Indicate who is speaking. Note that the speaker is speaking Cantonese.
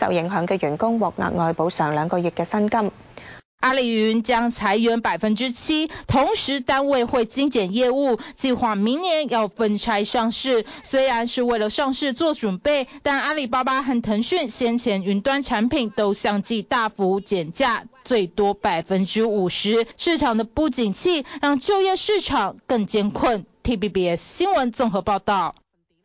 Speaker 1: 受影響嘅員工獲額外補償兩個月嘅薪金。阿里雲將
Speaker 2: 裁員百分之七，同時單位會精簡業務，計劃明年要分拆上市。雖然是為了上市做準備，但阿里巴巴和騰訊先前雲端產品都相繼大幅減價，最多百分之五十。市場的不景氣，讓就業市場更艱困。TVBS 新聞綜合報導。